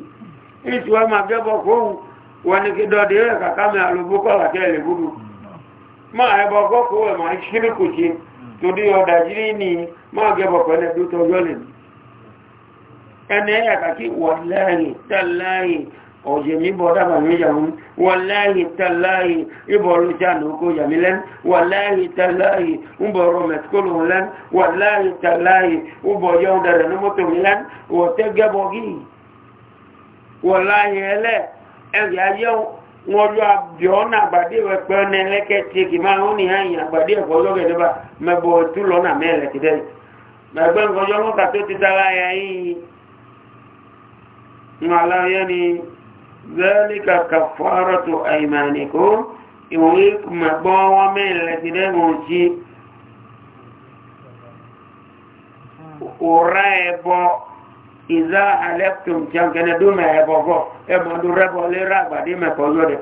ìtù ẹmà gẹ́bọ̀ kóhùn wọn ni kí dọ́dẹ̀ rẹ̀ kàkà mẹ́ àlùbúkọ́ àtẹ́ ma gúdù máa ẹbọ gọ́kọ́ ẹmà ṣíríkù ṣe torí ọ̀dà jírí ni máa gẹ́bọ̀ pẹ̀lẹ̀ tó tọjọ́ lè ẹni ẹ̀yà kàkí wọ̀láyì tàláyì ọ̀jẹ̀ mi bọ̀ dábà ní ìyàwó wọ̀láyì tàláyì ìbọ̀ lóṣà lóko yàmí lẹ́n wọ̀láyì tàláyì ń bọ̀ rọ mẹ́tíkólò lẹ́n wọ̀láyì tàláyì ń bọ̀ wallahi ele e ya yo ngojo abiona badi we pene leke tiki ma oni hanya badi ko yo ge ba me ka to ti tala ya yi ngala yani zalika kafaratu aymanikum iwe ma bo wa mele ti de mo ji ora ìzá alẹ́pùtùm tí a ń kẹ́nẹ́ dómẹ̀ ẹ̀bọ̀gọ́ ẹ̀mọ̀dú rẹ́bọ̀ lé rágbàdé mẹ́kọ̀ọ́yọ́ rẹ̀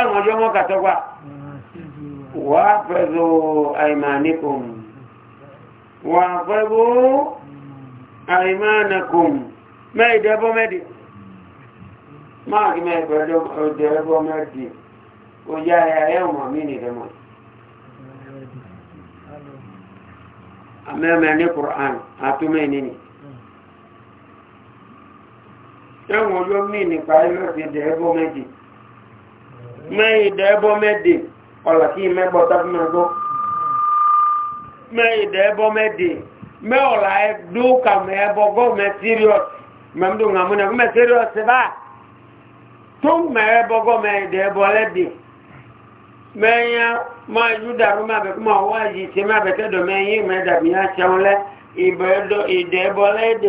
ẹ̀mọ̀jọ́ mọ́ kàtọ́gbà wà fẹ́zọ àìmánikùm wà fẹ́zọ àìmánakùm mẹ́ìdẹ́bọ́ mẹ́dì máàkì mẹ́ìdẹ́bọ́ amẹ́mẹ́ ní kùrán àtúmẹ́ nínú táwọn olómi nípa ẹlọ́sì dẹ̀ẹ́bọ́ méje mẹ́yìn dẹ̀ẹ́bọ́ méje ọ̀là kí mẹ́gbọ́ tábìmọ́gbọ́ mẹ́ serious mẹ́mdó ńàmúnà serious bá tó mẹ́ẹ̀bọ́gọ́ mẹ́yìn dẹ̀ẹ́bọ́ lẹ́dì mẹ́yìn máa yú dàrú máa bẹ̀ kó máa wá yìí ṣe máa bẹ̀ kẹ́dọ̀ mẹ́yìn mẹ́dàbíyá ṣẹun lẹ́ ìbẹ̀ẹ́dọ̀ ìdẹ̀ẹ́bọ́ lẹ́dì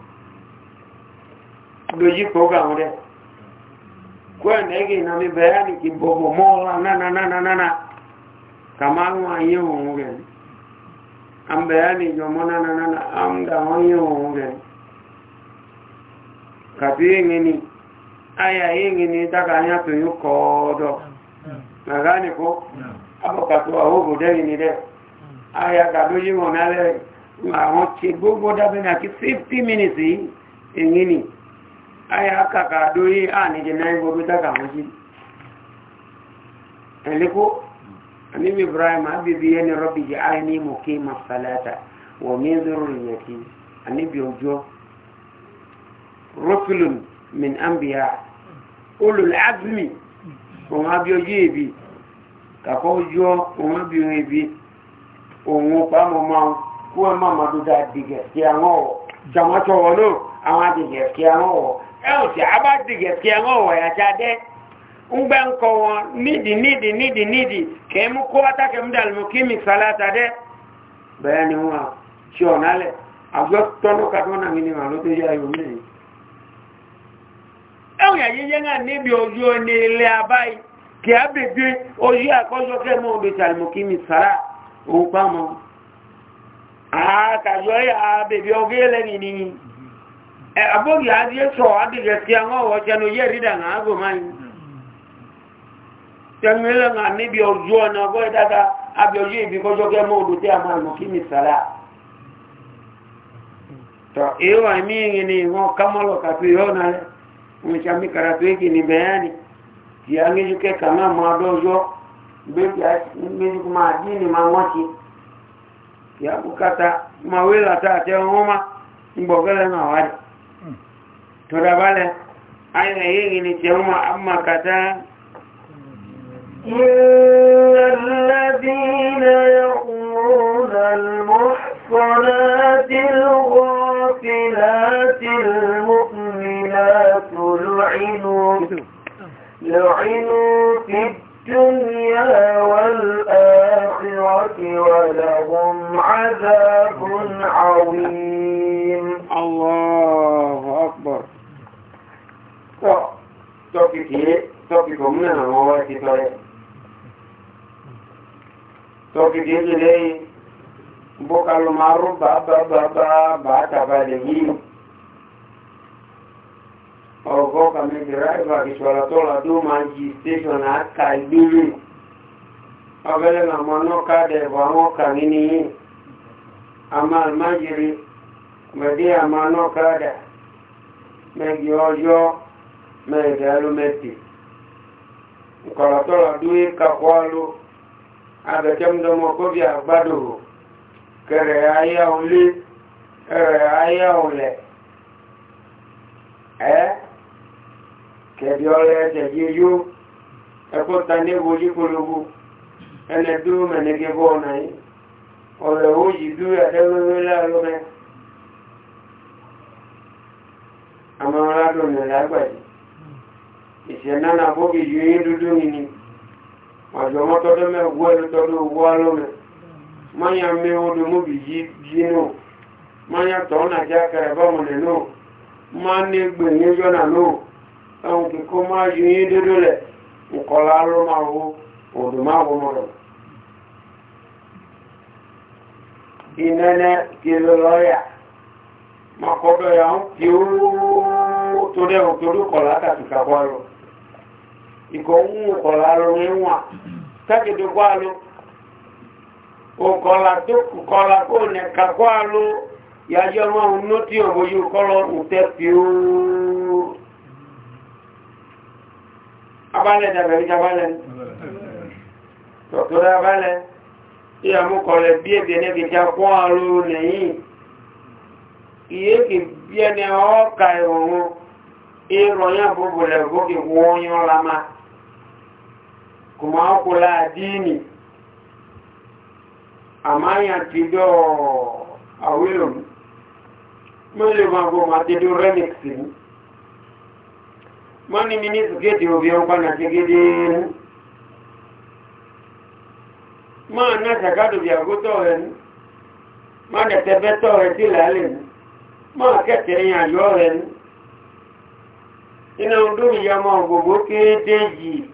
doji ko ga wore kwa nege na mi bayani ki bobo mola na na na na na na kama wa yewo ngure am bayani jo mona na na na am ga wa yewo ngure kapi ngini aya ngini taka nya to yuko do deli ni na ma ho ti gbogbo na ni. a ya dórí àníjẹ náà a dákà wọ́n sí ẹ̀lẹ́kọ́ níbi ibrahim abìbí na rọ́bì jẹ́ ayé ní mọ̀kí masalata wọ́n mi zọrọ̀ ìyẹ̀kí níbi ọjọ́ rọ́fìlùn min ambiya olùlàbìmì òun abíọjú èbì kàkọ́ ọjọ́ òun abíọjú èbì òun pàmò kú ẹ má àwọn ẹ̀wùsì abájìgẹ̀ kí ẹ̀wọ̀n ọ̀wọ̀ àjáde ń gbẹ́ ń kọ wọn nídìí nídìí nídìí nídìí kẹ́ mú kó wátákẹ́ mú dàlùmọ́ kí mi sàlátà dẹ́ bẹ́ẹ̀ ni wọn ṣe ọ̀nà tọ́lú mi ni tó yá náà níbi ojú ọ̀nà ilé abáyé kí á bèbè ojú àkọ́jọ́ kẹ́ kí mi òun pàmò yà á abog ya adịghị sọ adịghị tia nwa ọwọcha na oye rida na agụ manyị tẹnumẹlẹ ŋa níbi ọjọ ọ̀nà ọgbọ́n ìdáka àbí ọjọ ìbí kọjọ kẹ mọ odò tí a máa mọ kí ni sàrà tọ èèwà mí yìí ni wọn kámọlọ kàtó yọ ọ̀nà rẹ wọn ṣe àmì kàràtó èkì ní bẹ́ẹ̀ ni tí a méjì kẹkà máa mọ adó ọjọ bẹ́ẹ̀ tí a méjì kò máa dín ní máa wọ́n ti tí a kò kàtà máa wé làtà àtẹ تدبالة أين يغني تيوم أما كتا إن الذين يقولون المحصنات الغافلات المؤمنات لعنوا لعنوا في الدنيا والآخرة ولهم عذاب عظيم الله أكبر tọ́ tọ́kì kìí tọ́kì gómìnà àwọn wá ti tọ́ ẹ tọ́kì kìí ti lẹ́yìn bókalu maru bàbàbàbà bàtàbà lẹ́yìn ọ̀gọ́ kàmí dìráìvà ìṣọ̀rọ̀ tó la tó máa jí tẹ́sán àkà ìgbéyìn ọ̀bẹ̀lẹ̀ làmọ́ náà káàdẹ̀ ẹ̀bọ̀ àwọn kà nínú yìí àmà àlmájiri mẹ̀dí àmà náà káàdà mẹ̀gì ọjọ́ mẹ́ẹ̀dẹ́ alómẹ́tì nkọ̀rọ̀tọ́rọ̀ dúé kakọ́ọ́lú abẹ̀tẹ́mdọ́mọ́ kóbi àgbádò kẹrẹ ayá olé kẹrẹ ayá olẹ̀ ẹ́ kẹbi ọlẹ́ ẹ̀tẹ̀yẹ yó ẹkọ́ta níbo yíkologo ẹnẹ dúró mẹ́nẹ́gẹ́ bọ́ ọ̀nà yìí ọ̀rẹ̀ ó yìí dúró ẹ̀dẹ́gbẹ́gbẹ́ láàrọ́mẹ́ àmọ́ ọ̀rọ̀ adùn nílẹ̀ àgbàdì ìṣẹ̀lẹ̀ náà bókè ju yín dúdú nìní ọ̀jọ̀mọ́ tọ́dọ́ mẹ́ owó ẹ̀lú tọ́dọ́ owó alómẹ́ mọ́nyà mẹ́ odò móbi yí yí nù mọ́nyà tọ́ náà jẹ́ akẹrẹ bọ́mù nù má ní gbè jọ́nà nù ẹ̀hùn má dúdú lẹ̀ odò má ìnẹ́nẹ́ kìlọ̀ lọ́ọ̀yà ìkọ̀wọ́n ọ̀kọ̀lá lọ́rùn ẹ̀wọ̀n tákìdì kọ́ àlò ọ̀kọ̀lá tó kọ̀lá kó nẹ̀ka kọ́ àlò yàjọ́ ọmọ òun ló tí òwò yóò kọ́lọ́ òtẹ́ fi ooo abálẹ̀ dàbẹ̀ ní abálẹ̀ tọ̀tọ̀rọ̀ abálẹ̀ tí a mú kọ̀lẹ̀ bí ẹ̀bẹ̀ nẹ́gẹ̀ tí a kọ́ àlò lẹ́yìn ìyẹ́kì bí ẹni ọkà ẹ̀wọ̀n ìrọ̀yàn gbogbo lẹ̀ gbogbo wọ́n yán lámáà kuma kula dini amanya tido awilum mele mago matido remix mani minis geti obio bana tigidi ma na sakado bia goto en ma de tebeto etilalen ma kete ya yoren ina ndu ya ma gogo kedeji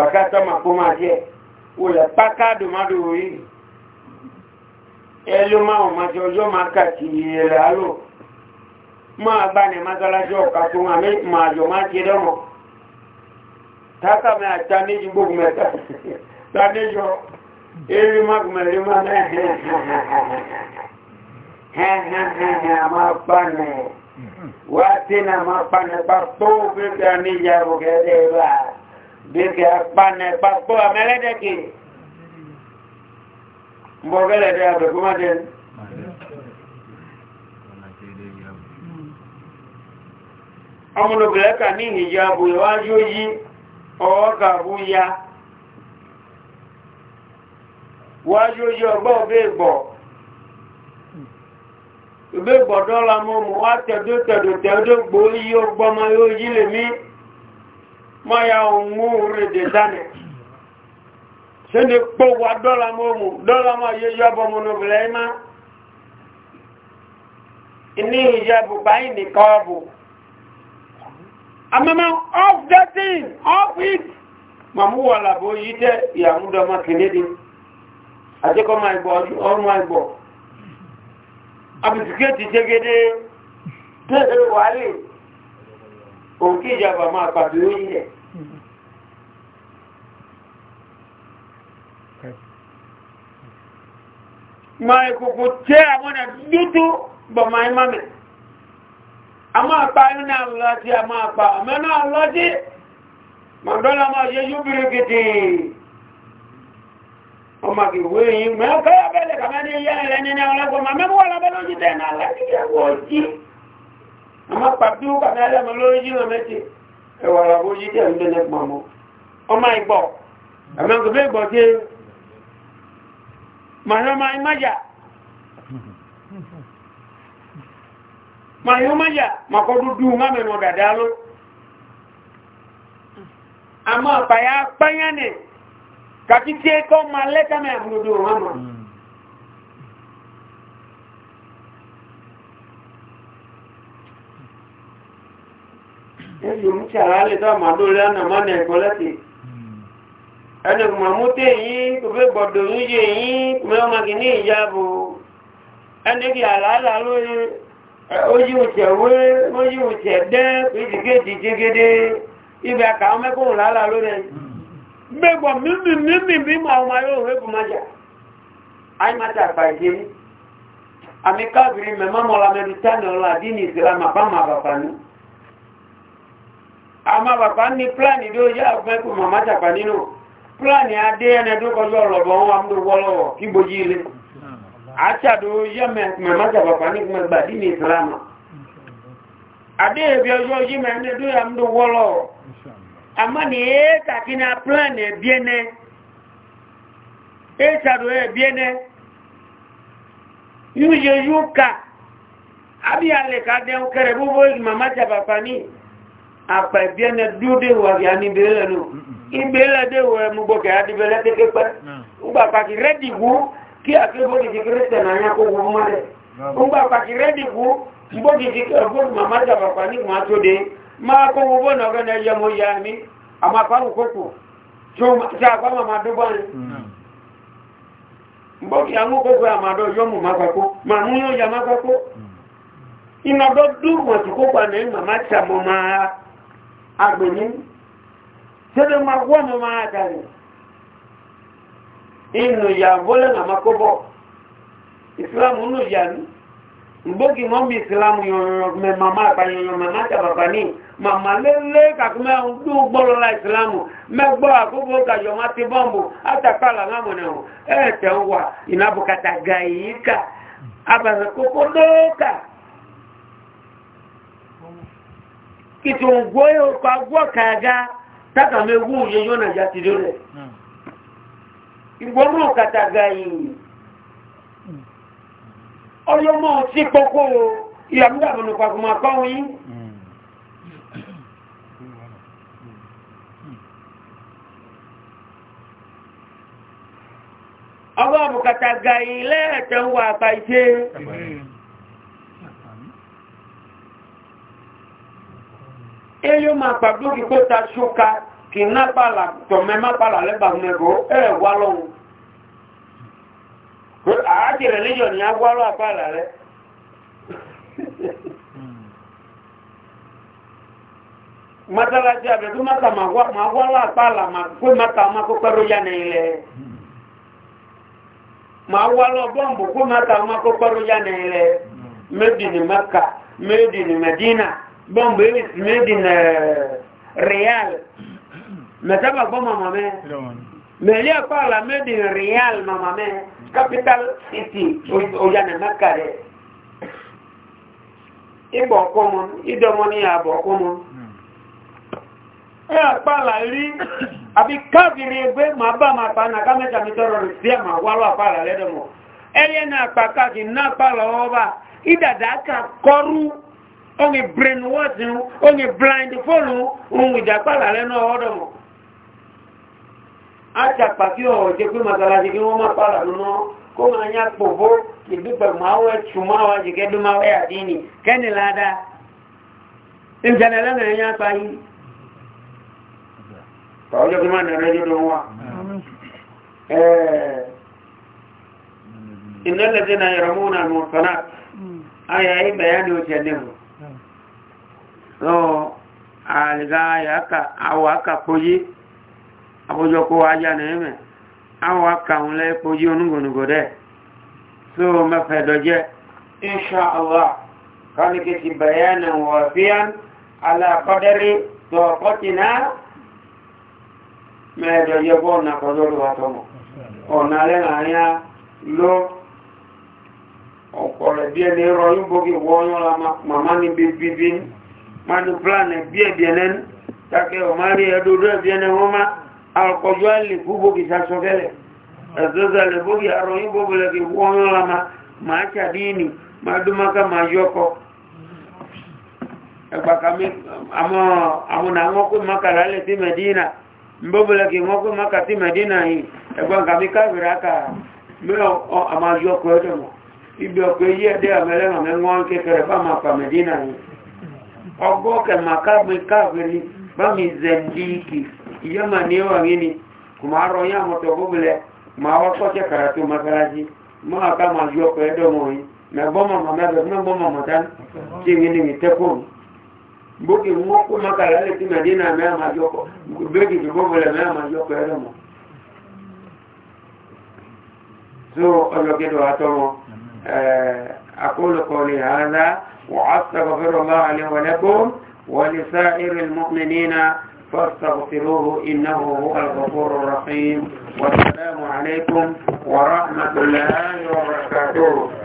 bàkátà mà kó máa jẹ́ olè pákádù má dòrò yìí ẹlú máa wọn máa jẹ ọjọ́ máa kàtì ìrẹ̀ alò máa bá ní mọ́sálásí ọ̀ka tó wọn máa jọ máa jẹ dẹ́mọ̀ tákàmì àti anéjì gbogbo mẹ́ta tánéjọ eré mágùmẹ̀rí máa náà hẹ́hẹ́hẹ́hẹ́ àmà pàánẹ̀ wá tí náà máa pàánẹ̀ pa tó bẹ́ẹ̀ ní ìyàwó gẹ́gẹ́ báyìí bíkẹ́ apánẹ papọ̀ amẹ́lẹ́dẹ́kì mbọ́gẹ́lẹ́dẹ́ abẹ̀kúmọ́dé ọmọlòbìlẹ́kà ní ìhìyàbò ìwájú yí ọwọ́kàbú ya wájú yí ọgbọ́ ọgbẹ́gbọ̀ ìgbẹ́gbọ̀ dọ́la mọ́ mọ́ wá tẹ̀dọ́tẹ̀dọ̀tẹ̀dọ́gbò yí ọgbọ́mọ yóò yí lè mí ma ya ohun rẹ̀ dẹ̀ dánẹ̀ ṣe ni pọ̀ wà dọ́là mọ́mù dọ́là mọ́ yẹ yọ́bọ̀ mọ́nà bẹ̀rẹ̀ ẹ̀má ní ìyẹ́bù báyìí nìkan ọ̀bù amẹ́mẹ́ off that thing of it màmú wà làbò yìí tẹ́ ìyàmúdọ́mọ́ kìnìdì àtikọ́ máa gbọ́ ọmọ àgbọ̀ abùsùkẹ́tì ṣẹ́gẹ́dẹ́ tẹ́ẹ̀rẹ̀ wà lè òun kí ìjàmbá máa pàdé yìí mai kukuce amona dutu ba mai mame ama pa yuna lati ama pa amana lati magdola ma ye yubiri kiti ọmọ kìwé yìí mẹ́ kọ́ abẹ́lẹ̀ kàmá ní iye ẹ̀rẹ́ nínú ọlọ́gbọ́ ma mẹ́mú wà lábẹ́ lójú tẹ́ náà láti ìyàwó ọjí àmọ́ pàtó kàmá ẹwàrà bó yí dẹ̀ ń lé lẹ́gbọ̀n mọ́ ọmọ ìgbọ̀ àmọ́gbẹ̀ ìgbọ̀ tí màyọ́mà ìmájà màyọ́májà màkọ́dúdú mọ́mẹ́nà dàdá ló àmọ́ àpàyà pẹ́yánì kàtí tí ẹkọ́ ma lẹ́tàmẹ́ àmúdòdó mọ́mọ́ ẹjọ́ mú ṣàrá lè tó àmàdó rẹ̀ ànàmá nà ẹ̀kọ́ láti ẹni kò máa mú tẹ́ yìí kò fẹ́ gbọ̀dọ̀ ń yé ala kò mẹ́ ọmọ kì ní ìyàbò ẹni kì àlàálà lóye ojú ìṣẹ̀ wé ojú ìṣẹ̀ dẹ́ péjìkéjì jégédé ibẹ̀ àkàwọn mẹ́kùnrin làálà lóye gbẹ́gbọ̀ àmà bàbá ní pláàni bí ó yá àgbẹ́kù màmá jàpá nínú pláàni adé ẹni tó kọjú ọ̀rọ̀bọ̀ wọn àmúdó wọ́lọ́wọ́ kí gbojí ilé àṣàdó yá màmá jàpá ní gbàgbà dínì ìsìlámà adé ẹbí ọjọ́ yí mẹ́rin tó yà àmúdó wọ́lọ́wọ́ àmà ní éèkà kí ní pláàni ẹbí ẹnẹ éèkàdó ẹbí ẹnẹ yúyẹ yúkà àbí àpẹ̀bíẹ́nẹ dúdé wà yà ní ìbẹ̀lẹ̀ nù ìbẹ̀lẹ̀ dé wọ ẹmú gbọ́kẹ̀ adìbẹ̀lẹ̀ tẹ́kẹ́ pẹ́ ńgbà pàkì rẹ́dì wú kí àkébọ́dì ti kéré tẹ̀nà ayá kó wọ́n mọ́lẹ̀ ńgbà pàkì gu, wú gbọ́dì ti kéré fún màmá jàpàpà ní ìmọ̀ tó dé máa kó wọ́n bọ́nà ọ̀gá ní ẹyẹ mọ́ ya mi àmà pàrọ̀ kókò tí a pàmò máa dúbọ́ ni gbọ́kì àwọn kókò àmàdọ̀ yọmù má pàkó màmú yóò yà má pàkó ìnàdọ́ dúró mọ̀tì kópa ní màmá tàmọ́ máa agbègbè sẹ́lẹ̀ máa wọ́n mọ́ máa dàrí inú ìyà bọ́lẹ̀ àmà kó bọ́ ìsìlámù inú mama ní ìgbógi wọ́n bí ìsìlámù yọ̀nyọ̀mẹ́ màmá àpàyànyàn màmá tàbàbà ní màmá lélé kàkúmẹ́ ọdún gbọ́lọ́lá mati mẹ́gbọ́ àkókò kàjọ má kìtì ògbó ọkọ̀ agbó kàga tátàmì ewu yíyó nàìjà ti rẹ̀ ìgbóró kàtàgà yìí ọlọ́mọ tí pọ́kọ́ ìyàmúdàmọ̀nù pàkùnmọ̀ àkọ́wọ́ yìí ọgbọ́n yìí eyo ma gbàgbó kí kó ta ṣúka kì ná pàlà tọ̀mẹ́ má pàlà lẹ́bà mẹ́gọ́ ẹ̀ wá lọ́hun àájẹ̀rẹ̀ lẹ́yọ̀ ní agbáró àpàlà rẹ̀ mátàlájí àbẹ̀tún ma má wáró àpàlà má kó mátà má kó pẹ́rú ma ní ilẹ̀ má wáró bọ́ǹbù kó m'edini m'edini m'edina. bombe ile made in eh, real mtaba kwa mama me melia pala made in real mama me capital city ojana makare ibo komo idomo eh, ni abo komo eh pala ri abi kaviri egbe ma ba ma pa na ka meta mi toro ri ma wa lo pala ledomo ele na pa ka ki na pala oba idada ka koru onge brainwashing onge blindfold ohun ìdàpàlà lẹ́nu ọ̀dọ̀ mọ̀ àjàpá kí ọ̀rọ̀ jẹ́ pé màtàlásí kí wọ́n má pàlà lọ́nà kó máa yá pòbó ìdúpẹ̀ máa wẹ́ tùmọ́ àwọn àjẹ́kẹ́ ló máa wẹ́ àdínì kẹ́ni ládàá ìjẹ́nà lẹ́nà ẹ̀yà pàáyí ọjọ́ kí máa nẹ̀rẹ́ jọ́dọ̀ wà ẹ̀ẹ́ ìnẹ́lẹ̀ tí na yẹ̀rọ múnà mọ̀ sọ́nà ayà ìbẹ̀yà ni ó tẹ̀lé mọ̀ alghayaka awaka poji abojo ko aja neme awaka unle poji onugonugo de so ma fedoje insha Allah kan ke ti bayanan wafiyan ala qadari tawqatina me doje ko na ko do wa tomo ona le anya lo ọ̀pọ̀lẹ̀ bí ẹni rọ yóò bókè wọ́n yọ́n la màmá ní bíbí madu plan bie bienen take o mari edo do biene homa al ko jwali kubo ki sa sogele azaza le bogi aro ibo bele ki wono lama ma cha dini madu maka majoko egba kami amo amo na ngoku maka lale ti medina mbobele ki ngoku maka ti medina yi egba kami kavira ka me o amajoko edo mo ibi ọkọ̀ eyí ẹ̀dẹ́ àmẹ́lẹ́mà mẹ́wọ́n kékeré bá máa pàmẹ́dínà yìí ọgbọ́ kẹmàkàgbé káàkiri bámi zẹ̀ndìkì ìyẹ́mà ní ẹwà nínú kò máa rọ yá àmọ́tọ̀ gbóbilẹ̀ máa wá kọ́ṣẹ́ kàràtó makarasi máa ká máa yọ ọkọ̀ ẹ̀dọ́mọ̀ yìí mẹ́gbọ́mọ̀ mọ́mẹ́bẹ̀ mẹ́gbọ́mọ̀ mọ́tán tí mi ní mi tẹ́kùn gbókè mú kó makara lè ti mẹ́dínà mẹ́à máa yọ ọkọ̀ gbégi tó gbóbilẹ̀ mẹ́à máa yọ ọkọ̀ ẹ̀dọ́mọ̀ so ọjọ́ kí أقول قولي هذا وأستغفر الله لي ولكم ولسائر المؤمنين فاستغفروه إنه هو الغفور الرحيم والسلام عليكم ورحمة الله وبركاته